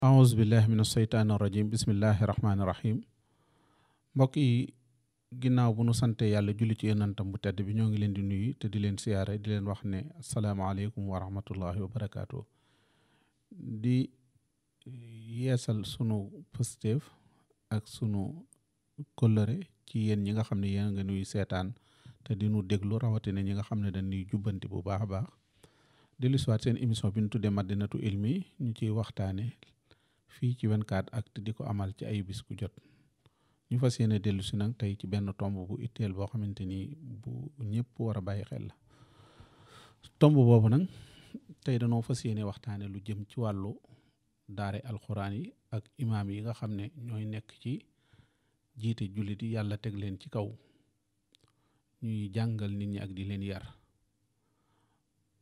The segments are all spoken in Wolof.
aus billahi min asheytaani irajim bismillahi rahmaani rahim mbokk yi ginnaaw bu nu sante yàlla julli ci yonantam bu tedd bi ñoo ngi leen di nuyu te di leen siyaare di leen wax ne asalaamaaleykum wa rahmatullahi wa di yeesal sunu pësteef ak sunu kóllëre ci yéen ñi nga xam ne yéen nga nuyu seetaan te di déglu rawatina ñi nga xam ne dañuy jubbanti bu baax a baax dellu siwaat seen émission bi ñu tuddee Madinatu Ilmi ñu ciy waxtaane fii ci 24 ak di ko amal ci ay bis jot ñu fa yéene dellusi si nag tey ci benn tomb bu itteel boo xamante ni bu ñëpp war a bàyyi xel la tomb boobu nag tey danoo fa yéene waxtaane lu jëm ci wàllu daare alxuraan yi ak imaam yi nga xam ne ñooy nekk ci jiite jullit yi yàlla teg leen ci kaw ñuy jàngal nit ñi ak di leen yar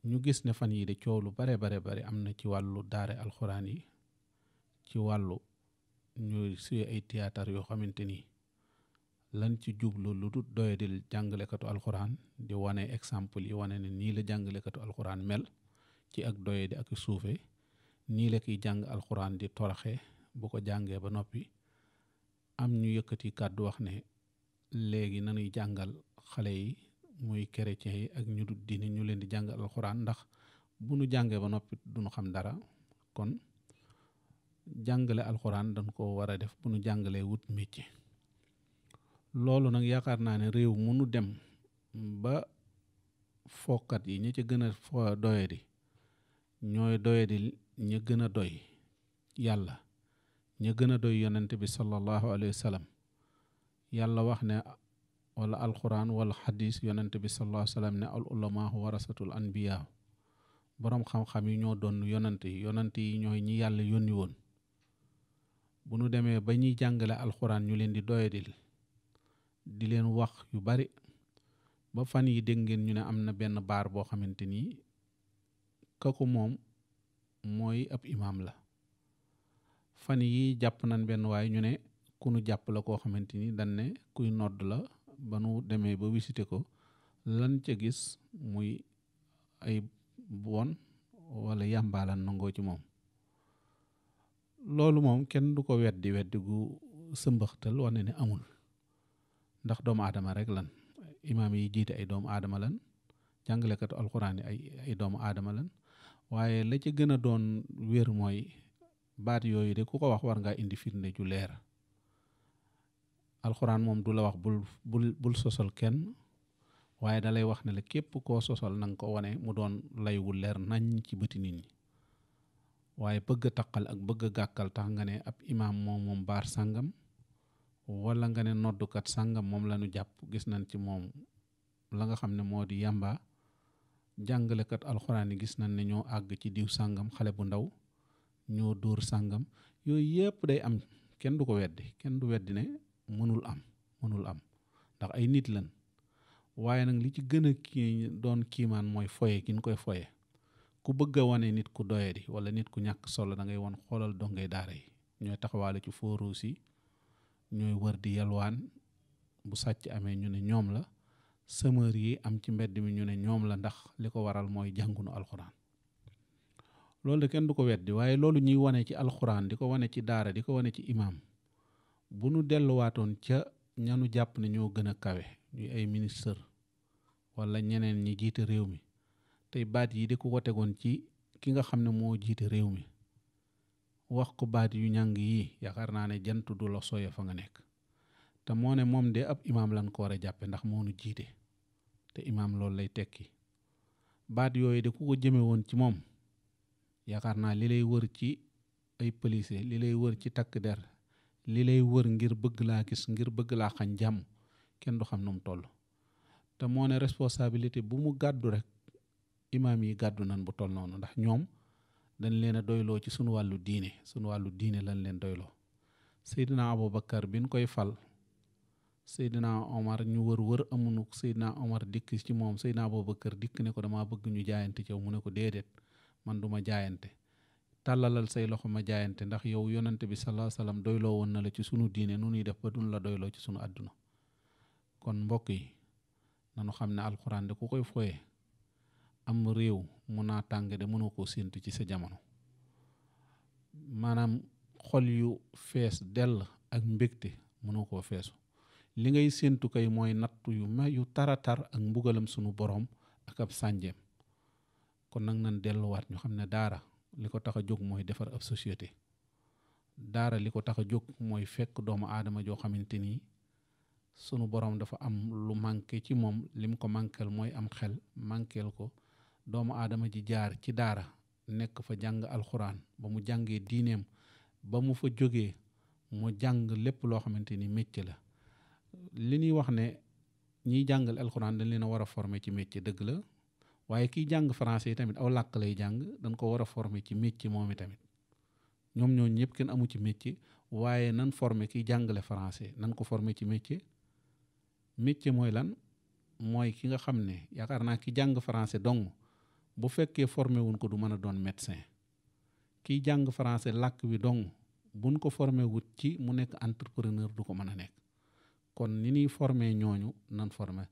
ñu gis ne fan yii de coow lu bare bare bare am na ci wàllu daare alxuraan yi ci wàllu ñuy suye ay théâtre yoo xamante ni lan ci jublu lu dul doyadil jàngalekatu alxuraan di wane exemple yi wane ne nii la jàngalekatu alxuraan mel ci ak doyadi ak suufe nii la kiy jàng alxuraan di toraxe bu ko jàngee ba noppi am ñu yëkkati kàddu wax ne léegi nanuy jàngal xale yi muy chrétien yi ak ñu du diine ñu leen di jàng alxuraan ndax bu nu jàngee ba noppi duñu xam dara kon jàngale alxuraan dañ koo war a def bu nu jàngalee wut métier loolu nag yaakaar naa ne réew mu nu dem ba fookat yi ñi ci gën a fo doyadi ñooy doyadi ña gën a doy yàlla ña gën a doy yonent bi sallallahu alayhi wa yàlla wax ne wala alxuraan wala xadis yonent bi sallallahu alayhi wa sallam ne al ulama warasatul anbiya boroom xam-xam yi ñoo doon yonent yi yonent yi ñooy ñi yàlla yónni woon bu nu demee ba ñuy jàngale alxuraan ñu leen di doyadil di leen wax yu bari ba fan yi dégg ngeen ñu ne am na benn baar boo xamante ni ka ko moom mooy ab imaam la fan yi jàpp nañ benn waaye ñu ne kunu nu jàpp la koo xamante ni dañ kuy nodd la ba nu demee ba visité ko lan ca gis muy ay bon wala yàmbaalan nangoo ci moom loolu moom kenn du ko weddi weddi gu sëmbaxtal wane ne amul ndax doomu aadama rek lan imaam yi jiite ay doomu aadama lan jàngalekatu alxuraan yi ay ay doomu aadama lan waaye la ci gën a doon wér mooy baat yooyu de ku ko wax war ngaa indi firnde ju leer alxuraan moom du la wax bul bul bul sosal kenn waaye dalay wax ne la képp koo sosal na nga ko wane mu doon lay wu leer nañ ci bëti nit ñi waaye bëgg a ak bëgg gàkkal tax nga ne ab imaam moom moom baar sàngam wala nga ne noddukat sàngam moom la jàpp gis nañ ci moom la nga xam ne moo di yàmba jàngalekat alxuraan yi gis nañ ne ñoo àgg ci diw sàngam xale bu ndaw ñoo dóor sàngam yooyu yëpp day am kenn du ko weddi kenn du weddi ne mënul am mënul am ndax ay nit lan waaye nag li ci gën a kii doon kiimaan mooy foye gi ñu koy foye ku bëgg wane nit ku doyadi wala nit ku ñàkk solo da ngay wan xoolal dongay daara yi ñooy taxawaale ci fóoruus yi ñooy wër di yalwaan bu sàcc amee ñu ne ñoom la semeur yi am ci mbedd mi ñu ne ñoom la ndax li ko waral mooy jàngunu alxuraan loolu de kenn du ko weddi waaye loolu ñuy wane ci alxuraan di ko wane ci daara di ko wane ci imaam bu nu delluwaatoon ca ñanu jàpp ne ñoo gën a kawe ñuy ay ministre wala ñeneen ñi jiite réew mi tey baat yi di ko ko tegoon ci ki nga xam ne moo jiite réew mi wax ko baat yu ñàng yii yaakaar naa ne jant du la sooya fa nga nekk te moo ne moom de ab imaam lan ko war a jàppe ndax moo nu jiite te imaam loolu lay tekki baat yooyu de ku ko jëme woon ci moom yaakaar naa li lay wër ci ay pëlise li lay wër ci takk der lii lay wër ngir bëgg laa gis ngir bëgg laa xañ jàmm kenn du xam nu mu toll te moo ne responsabilité bu mu gàddu rek imaam yi gàddu nan bu toll noonu ndax ñoom dañ leen a doyloo ci sunu wàllu diine sunu wàllu diine lañ leen doyloo Seydina Aboubacar bin koy fal Seydina Omar ñu wër wër amunu Seydina Omar dikk ci moom Seydina Aboubacar dikk ne ko dama bëgg ñu jaayante ci yow mu ne ko déedéet man duma jaayante tàllalal say loxo ma jaayante ndax yow yonante bi sallallahu alayhi doyloo woon na la ci sunu diine nu ñuy def ba dun la doyloo ci sunu àdduna kon mbokk yi nanu xam ne alxuraan de ku koy foye am réew mu naa tàng de mënoo koo séentu ci sa jamono maanaam xol yu fees dell ak mbégte mënoo koo feesu li ngay séentu kay mooy natt yu ma yu tar ak mbugalam sunu boroom ak ab sànjeem kon nag nan delluwaat ñu xam ne daara li ko tax a jóg mooy defar ab société daara li ko tax a jóg mooy fekk doomu aadama joo xamante ni sunu borom dafa am lu manqué ci moom lim ko manquel mooy am xel manquel ko doomu aadama ji jaar ci daara nekk fa jàng alxuraan ba mu jàngee diineem ba mu fa jógee mu jàng lépp loo xamante ni métier la li ñuy wax ne ñiy jàngal alxuraan dañ leen a war a former ci métier dëgg la waaye kiy jàng français yi tamit aw làkk lay jàng dañ ko war a former ci métier moom i tamit ñoom ñooñu ñëpp kenn amu ci métier waaye nan former kiy jàngale français nan ko former ci métier métier mooy lan mooy ki nga xam ne yaakaar naa ki jàng français dong bu fekkee formé wuñ ko du mën a doon médecin kiy jàng français làkk bi dong buñ ko formé wut ci mu nekk entrepreneur du ko mën a nekk kon ni ñuy formé ñooñu nan formé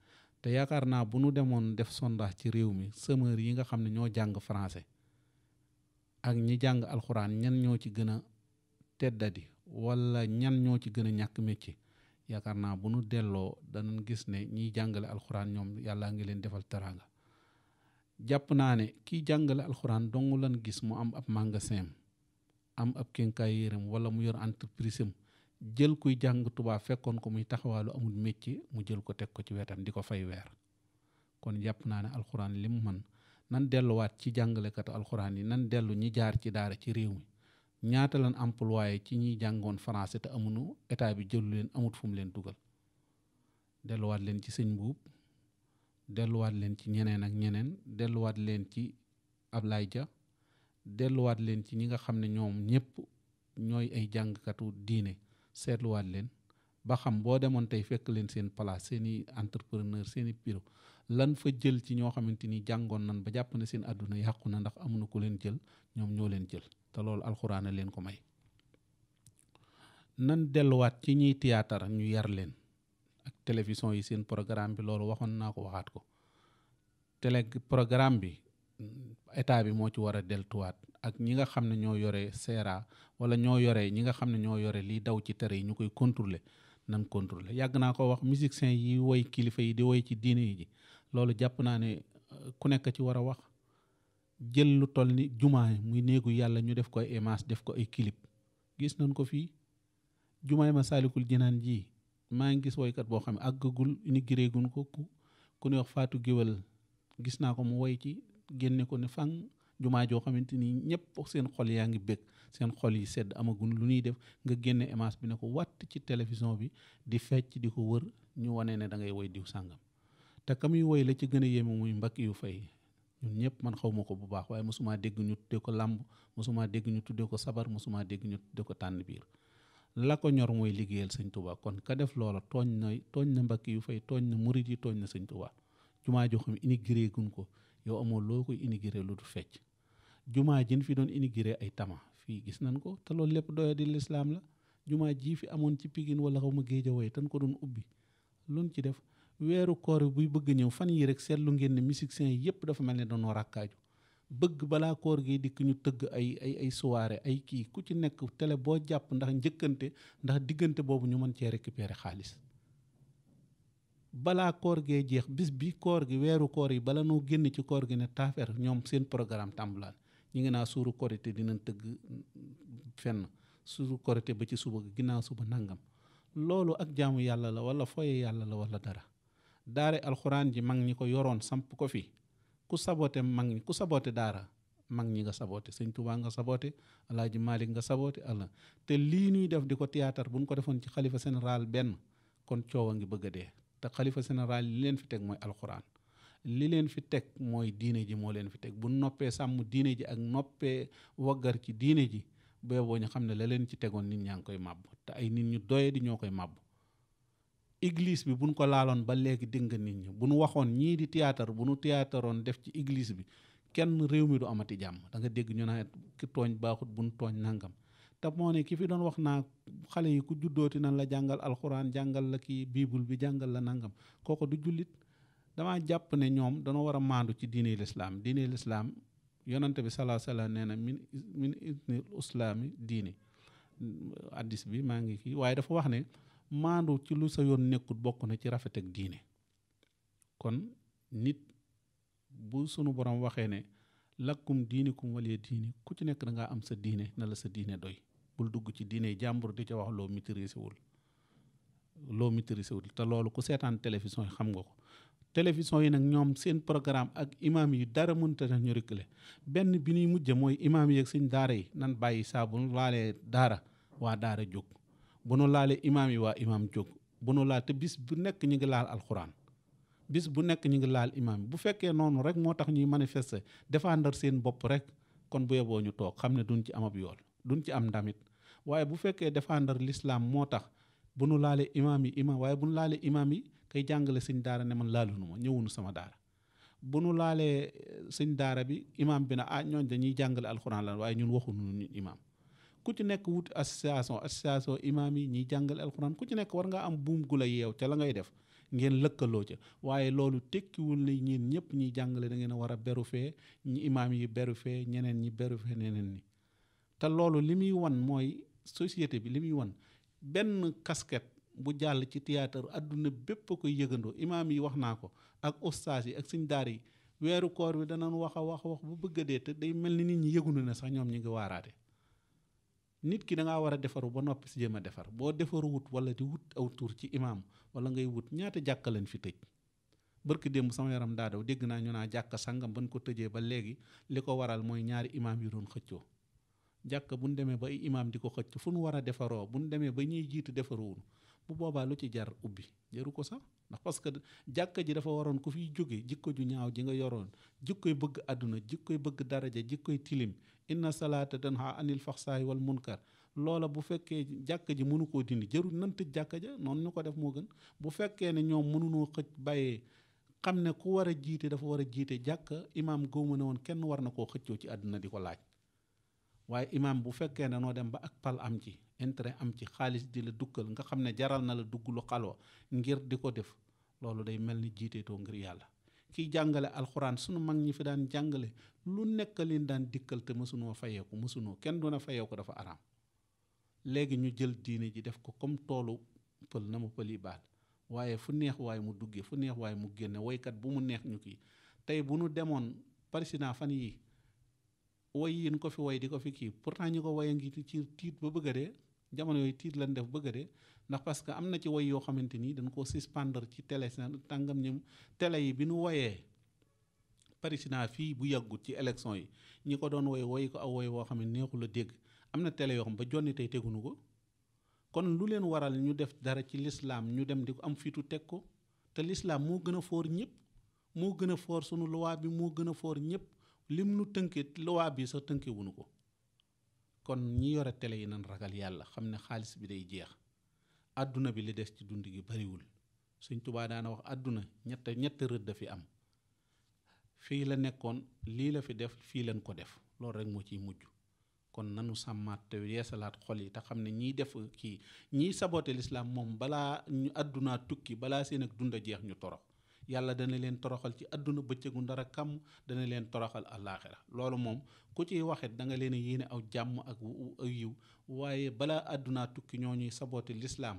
te yaakaar naa bu nu demoon def sondage ci réew mi semeur yi nga xam ne ñoo jàng français ak ñi jàng alxuraan ñan ñoo ci gën a teddadi wala ñan ñoo ci gën a ñàkk métier yaakaar naa bu nu delloo danañ gis ne ñiy jàngale alxuraan ñoom yàlla ngi leen defal teraanga jàpp naa ne kii jàngale alxuraan dong lan gis mu am ab magasin am ab kenkaay yéram wala mu yor entreprise jël kuy jàng tubaab fekkoon ko muy taxawaalu amul métier mu jël ko teg ko ci wetam di ko fay weer kon jàpp naa ne alxuraan li man nan delluwaat ci jàngalekatu alxuraan yi nan dellu ñi jaar ci daara ci réew mi ñaata lan employé ci ñiy jàngoon français te amuñu état bi jëlu leen amut fu mu leen dugal delluwaat leen ci sëñ buub delluwaat leen ci ñeneen ak ñeneen delluwaat leen ci Ablaye Dia delluwaat leen ci ñi nga xam ne ñoom ñëpp ñooy ay jàngkatu diine seetluwaat leen ba xam boo demoon tey fekk leen seen place seen i entrepreneur seeni i lan fa jël ci ñoo xamante ni jàngoon nan ba jàpp ne seen yi yàqu na ndax amuñu ko leen jël ñoom ñoo leen jël te loolu alxuraan leen ko may nan delluwaat ci ñiy théâtre ñu yar leen ak télévision yi seen programme bi loolu waxoon naa ko waxaat ko télé programme bi état bi moo ci war a deltuwaat ak ñi nga xam ne ñoo yore seera wala ñoo yore ñi nga xam ne ñoo yore lii daw ci tere yi ñu koy contrôler nan contrôler yàgg naa ko wax musiciens yi woy kilifa yi di woy ci diine yi ji loolu jàpp naa ne euh, ku nekk ci war a wax jël lu toll ni jumaay muy néegu yàlla ñu def ko ay image def ko ay kilip gis nañ ko fii ma Masaalikul Jinaan ji maa ngi gis woykat boo xam ne àggagul ni gireegun ko ku ku wax Faatu Géwal gis naa ko mu woy ci génne ko ne fang jumaa joo xamante ni ñëpp seen xol yaa ngi bëgg seen xol yi sedd amagun lu ñuy def nga génne image bi ne ko wàtt ci télévision bi di fecc di ko wër ñu wane ne da ngay woy diw sàngam te kam yu woy la ci gën a yéeme muy mbakki yu fay ñun ñëpp man xaw ma ko bu baax waaye mosuma dégg ñu tuddee ko làmb mosuma dégg ñu tuddee ko sabar mosuma dégg ñu tuddee ko tànn biir la ko ñor mooy liggéeyal sëñ Tuubaa kon ka def loola tooñ na tooñ na mbakki yu fay tooñ na murit yi tooñ na sëñ Tuubaa jumaa joo ko yow amoo loo koy inaugurer lu du fecc jumaa jin fii doon inaugurer ay tama fii gis nañ ko te lool lépp doya di lislaam la jumaa ji fi amoon ci Pikine wala xaw ma géej a tan ko doon ubbi luñ ci def weeru koor buy bëgg ñëw fan yii rek seetlu ngeen ne musiciens yi yëpp dafa mel ne dañoo rakkaaju bëgg balaa koor gi dikk ñu tëgg ay ay ay ay kii ku ci nekk télé boo jàpp ndax njëkkante ndax diggante boobu ñu mën cee récupérer xaalis balaa koor gee jeex bis bi koor gi weeru koor yi bala noo génn ci koor gi ne taafeer ñoom seen programme tàmbalaan ñu ngi naa suuru korité dinañ tëgg fenn suuru korité ba ci suba gi ginnaaw suba nangam loolu ak jaamu yàlla la wala foye yàlla la walla dara daare alxuraan ji mag ñi ko yoroon samp ko fi ku sabote mag ñi ku sabote daara mag ñi nga sabote sëñ Tuubaa nga saboote alaaji Maalik nga sabote allah te lii ñuy def di ko théâtre buñ ko defoon ci xalifa général benn kon coow a ngi bëgg a dee te xalifa général li leen fi teg mooy alxuraan li leen fi teg mooy diine ji moo leen fi teg bu noppee sàmm diine ji ak noppee waggar ci diine ji booboo ñu xam ne la leen ci tegoon nit ñaa ngi koy màbb te ay nit ñu doye di ñoo koy màbb église bi buñ ko laaloon ba léegi dégg nga nit ñi bu nu waxoon ñii di théâtre bu nu théâtreoon def ci église bi kenn réew mi du amati jàmm da nga dégg ñu naan ki tooñ baaxut buñ tooñ nangam te ne ki fi doon wax naa xale yi ku juddooti nan la jàngal alxuraan jàngal la ki biibul bi jàngal la nangam kooku du jullit damaa jàpp ne ñoom dañoo war a maandu ci diine lislaam diine lislaam yonante bi salaa salaa nee na min min isnil diine addis bi maa ngi kii waaye dafa wax ne maandu ci lu sa yoon nekkut bokk na ci rafet ak diine kon nit bu sunu borom waxee ne lakkum diinikum wala diini ku ci nekk da ngaa am sa diine na la sa diine doy bul dugg ci diine jàmbur di ca wax loo maîtrisé wul loo maîtrisé wul te loolu ku seetaan télévision yi xam nga ko télévision yi nag ñoom seen programme ak imaam yi dara mënta tax ñu reculer benn bi ñuy mujj mooy imaam yi ak suñ daara yi nan bàyyi saa bu nu laalee daara waa daara jóg bu nu laalee imaam yi waa imaam jóg bu nu laal te bis bu nekk ñu ngi laal alxuraan bis bu nekk ñu ngi laal imaam yi bu fekkee noonu rek moo tax ñuy manifester défendre seen bopp rek kon bu yeboo ñu toog xam ne duñ ci amab yool duñ ci am ndamit waaye bu fekkee défendre lislaam moo tax bu nu laalee imaam yi imaam waaye bu nu laalee imaam yi kay jàngale sëñ daara ne man laalunu ma ñëwunu sama daara bu nu laalee eh, sëñ daara bi imaam bi na ah ñooñ dañuy jàngale alxuraan lan waaye ñun waxunu ñun imaam ku ci nekk wuti association association imaam yi ñuy jàngale alxuraan ku ci nekk war ngaa am buum gula la yeew ca la ngay def ngeen lëkkaloo ca waaye loolu tekkiwul ne ñeen ñëpp ñiy jàngale da ngeen a war a beru fee imaam yi beru fee ñeneen ñi beru fee ñeneen ñi te loolu li muy wan mooy société bi li muy wan benn casquette bu jàll ci théâtre àdduna bépp a koy yëgandoo imaam yi wax naa ko ak ustaas yi ak suñ daar yi weeru koor bi danañ wax a wax wax bu bëgg a dee te day mel ni nit ñi yëgunu ne sax ñoom ñu ngi waaraate nit ki da ngaa war a defaru ba noppi si jéem a defar boo defaru wut wala di wut aw tur ci imaam wala ngay wut ñaata jàkka lañ fi tëj barki démb sama yaram daa dégg naa ñu naa jàkka sangam bañ ko tëjee ba léegi li ko waral mooy ñaari imaam yu doon xëccoo jàkk bu ñu demee ba imaam di ko xëcc fu nu war a defaroo bu ñu demee ba ñuy jiitu defaruwunu bu boobaa lu ci jar ubbi jaru ko sax ndax parce que jàkka ji dafa waroon ku fiy jóge jikko ju ñaaw ji nga yoroon jikkoy bëgg àdduna jikkoy bëgg daraja jikkoy tilim inna salaata tanha anil faxsaay wal munkar loola bu fekkee jàkka ji mënu koo dindi jarul nan tëj jàkka ja noonu ñu ko def moo gën bu fekkee ne ñoom mënunoo xëj bàyyee xam ne ku war a jiite dafa war a jiite jàkka imaam góoma ne woon kenn war na koo xëccoo ci àdduna di ko laaj waaye imaam bu fekkee ne noo dem ba ak pal am ci intérêt am ci xaalis di la dukkal nga xam ne jaral na la dugg lu xalwa ngir di ko def loolu day mel ni jiiteetoo ngir yàlla kiy jàngale alxuraan sunu mag ñi fi daan jàngale lu nekk leen daan dikkal te mësunoo fayeeku mësunoo kenn doona fayeeku dafa araam léegi ñu jël diine ji def ko comme toolu pël na mu pël yi baal waaye fu neex waaye mu duggee fu neex waaye mu génne woykat bu mu neex ñu kii tey bu nu demoon président fan yi woy yin ko fi woy di ko fi kii pourtant ñi ko woyee ngi ci tiit ba bëgg a dee jamono yooyu tiit lañ def bëgg a ndax parce que am na ci woy yoo xamante ni dañ ko suspendre ci télé tàngam ñi télé yi bi nu woyee président fii bu yàggut ci élection yi ñi ko doon woy woy ko aw woy woo xam ne neexul a dégg am na tele yoo xam ba jonni tey tegunu ko kon lu leen waral ñu def dara ci lislaam ñu dem di ko am fitu teg ko te lislaam moo gën a foor ñëpp moo gën a foor sunu loi bi moo gën a foor ñëpp lim nu tënkit loi bi sa tënke ko kon ñi yore télé yi nan ragal yàlla xam ne xaalis bi day jeex àdduna bi li des ci dund gi bariwul suñ Tuubaa daana wax àdduna ñett ñett rëdd fi am fii la nekkoon lii la fi def fii lañ ko def loolu rek moo ciy mujj kon nanu sàmmaat te yeesalaat xol yi te xam ne ñiy def kii ñiy saboote lislaam moom balaa ñu àddunaa tukki balaa seen ak dund a jeex ñu torox yàlla dana leen toroxal ci àdduna bëccëgu ndara kàmm dana leen toroxal àllaaxira loolu moom ku ciy waxit da nga leen yéene aw jàmm ak aw yiw waaye balaa àddunaa tukki ñoo ñuy saboote lislaam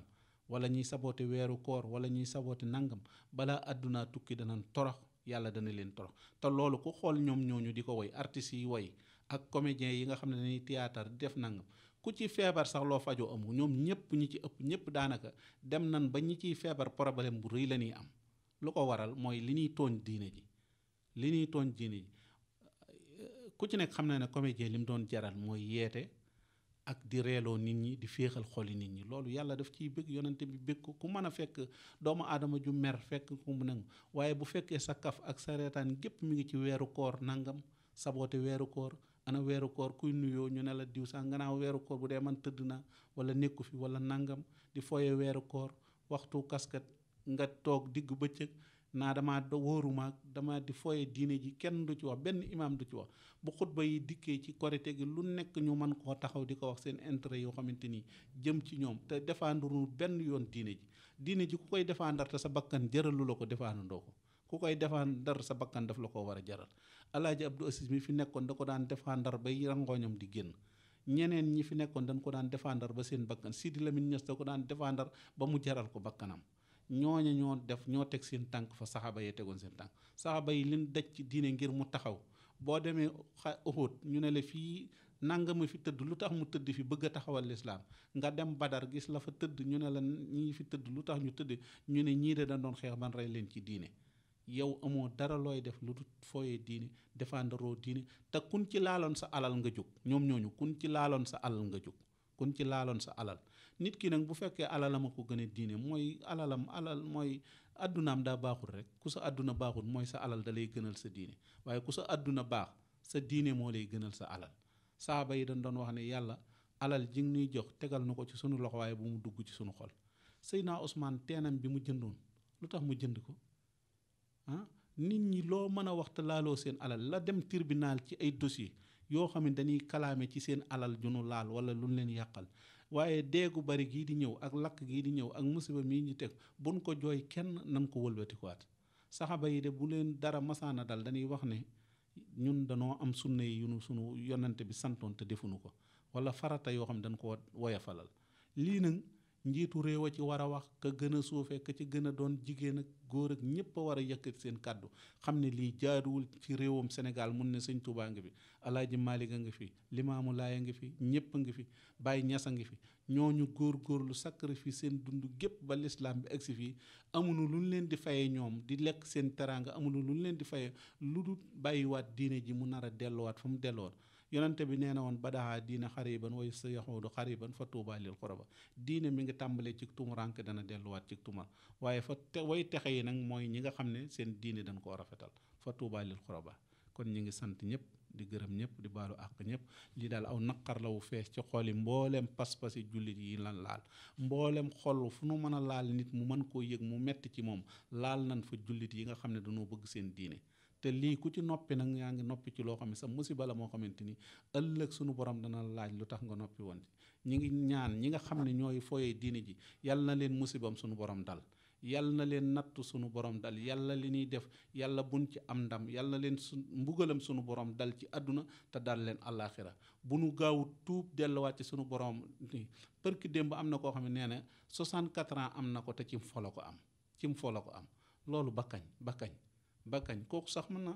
wala ñuy saboote weeru koor wala ñuy saboote nangam balaa àddunaa tukki dana torox yàlla dana leen torox te loolu ku xool ñoom ñooñu di ko woy artistes yi woy ak comédiens yi nga xam ne dañuy théâtre di def nangam ku ci feebar sax loo fajoo amul ñoom ñëpp ñi ci ëpp ñëpp daanaka dem nan ba ñi ciy feebar problème bu rëy la ñuy am lu ko waral mooy li ñuy tooñ diine ji li ñuy tooñ diine ji ku ci nekk xam na ne comédien li mu doon jaral mooy yeete ak di reeloo nit ñi di féexal xoli nit ñi loolu yàlla def ciy bëgg yonante bi bëgg ko ku mën a fekk doomu aadama ju mer fekk ku mu nangu waaye bu fekkee sa kaf ak sa reetaan gépp mi ngi ci weeru koor nangam saboote weeru koor ana weeru koor kuy nuyoo ñu ne la diw sax nga naaw weeru koor bu dee man tëdd na wala nekku fi wala nangam di foye weeru koor waxtu kaskat nga toog digg bëccëg naa damaa wóorumaak dama di foye diine ji kenn du ci wax benn imaam du ci wax bu xutba yi dikkee ci korite gi lu nekk ñu mën koo taxaw di ko wax seen intérêt yoo xamante ni jëm ci ñoom te défendrunu benn yoon diine ji diine ji ku koy défendre te sa bakkan jëralu la ko défendandoo ko ku koy défendre sa bakkan daf la ko war a jaral alaaji Abdou Aziz mi fi nekkoon da ko daan défendre bay rangooñam di génn ñeneen ñi fi nekkoon dañ ko daan défendre ba seen bakkan Sidi Lamine Niass da ko daan défendre ba mu jaral ko bakkanam ñooña ñoo def ñoo teg seen tànk fa saxaaba yee tegoon seen tànk saxaaba yi liñ daj ci diine ngir mu taxaw boo demee xa Uhud ñu ne la fii nangama fi tëdd lu tax mu tëdd fi bëgg a taxawal lislaam nga dem Badar gis la fa tëdd ñu ne la ñii fi tëdd lu tax ñu tëdd ñu ne ñii de dañ doon xeex ban rey leen ci diine yow amoo dara looy def lu du fooyee diine defandaroo diine te kun ci laaloon sa alal nga jóg ñoom ñooñu kun ci laaloon sa alal nga jóg kun ci laaloon sa alal nit ki nag bu fekkee alalam a ko gën a diine mooy alalam alal mooy addunaam daa baaxul rek ku sa àdduna baaxul mooy sa alal da lay gënal sa diine waaye ku sa àdduna baax sa diine moo lay gënal sa alal saaba yi dañ doon wax ne yàlla alal ji nuy jox tegal nu ko ci sunu loxo waaye bu mu dugg ci sunu xol Seydina Ousmane teenam bi mu jëndoon lu tax mu jënd ko ah nit ñi loo mën a waxta laaloo seen alal la dem tribunal ci ay dossier yoo xam ne dañuy kalaame ci seen alal ju nu wala lu leen yàqal waaye deegu bari gii di ñëw ak lakk gii di ñëw ak musiba mii ñu teg buñ ko jooy kenn nan ko wëlbatikuwaat saxaba yi de bu leen dara masaana dal dañuy wax ne ñun danoo am sunna yi yunu sunu yonante bi santoon te defuñu ko wala farata yoo xam ne dañ ko woyafalal lii nag njiitu réew a ci war a wax ka gën a suufee ka ci gën a doon jigéen ak góor ak ñëpp a war a yëkkati seen kàddu xam ne lii jaaduwul ci réewam senegal mun ne sëñ Tuubaa ngi fi alaaji Maalik a ngi fi limaamu laay a ngi fi ñëpp a ngi fi Baay Ñas a ngi fi ñooñu góor-góorlu góor lu sacrifice seen dund gépp ba lislaam bi agsi fii amunu lu ñu leen di fayee ñoom di lekk seen teraanga amunu lu ñu leen di fayee lu dul bàyyiwaat diine ji mu nar a delluwaat fa mu delloon yonante bi nee na woon badaa diina xariban wa sayahuudu xariban fa tuuba lil xuraba diine mi ngi tàmbalee ci tumurank dana delluwaat ci tumar waaye fa te way texe yi nag mooy ñi nga xam ne seen diine dañ koo rafetal fa tuuba lil xuraba kon ñu ngi sant ñëpp di gërëm ñëpp di baalu àq ñëpp lii daal aw naqar la wu fees ci xol yi mbooleem pas-pasi jullit yi lan laal mbooleem xol fu nu mën a laal nit mu mën koo yëg mu metti ci moom laal nan fa jullit yi nga xam ne dañoo bëgg seen diine te lii ku ci noppi nag yaa ngi noppi ci loo xam ne sa musiba la moo xamante ni ëllëg sunu borom dana laaj lu tax nga noppi woon ñi ngi ñaan ñi nga xam ne ñooy fooyee diine ji yal na leen musibam sunu borom dal yal na leen nattu sunu borom dal yàlla li ñuy def yàlla buñ ci am ndam yàlla leen su mbugalam sunu borom dal ci àdduna te dal leen àllaaxira bu nu gaaw tuub delluwaat ci sunu borom përki démb am na koo xam ne nee na 64 ans am na ko te ci fo la ko am cim fo la ko am loolu bakkañ bakkañ ba kañ kooku sax mën na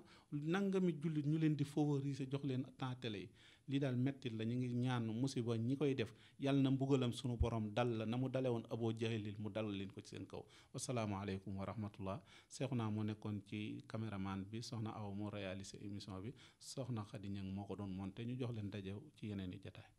nangami jullit ñu leen di favoriser jox leen temps yi li daal mettit la ñu ngi ñaan musiba ñi koy def yàlla na mbugalam sunu borom dal la na mu dale woon aboo jaxilil mu dal leen ko ci seen kaw wasalaamaaleykum wa rahmatullah seexu naa moo nekkoon ci caméraman bi soxna aw moo réalisé émission bi soxna Xadi Ñang moo ko doon monté ñu jox leen daje ci yeneen i jataay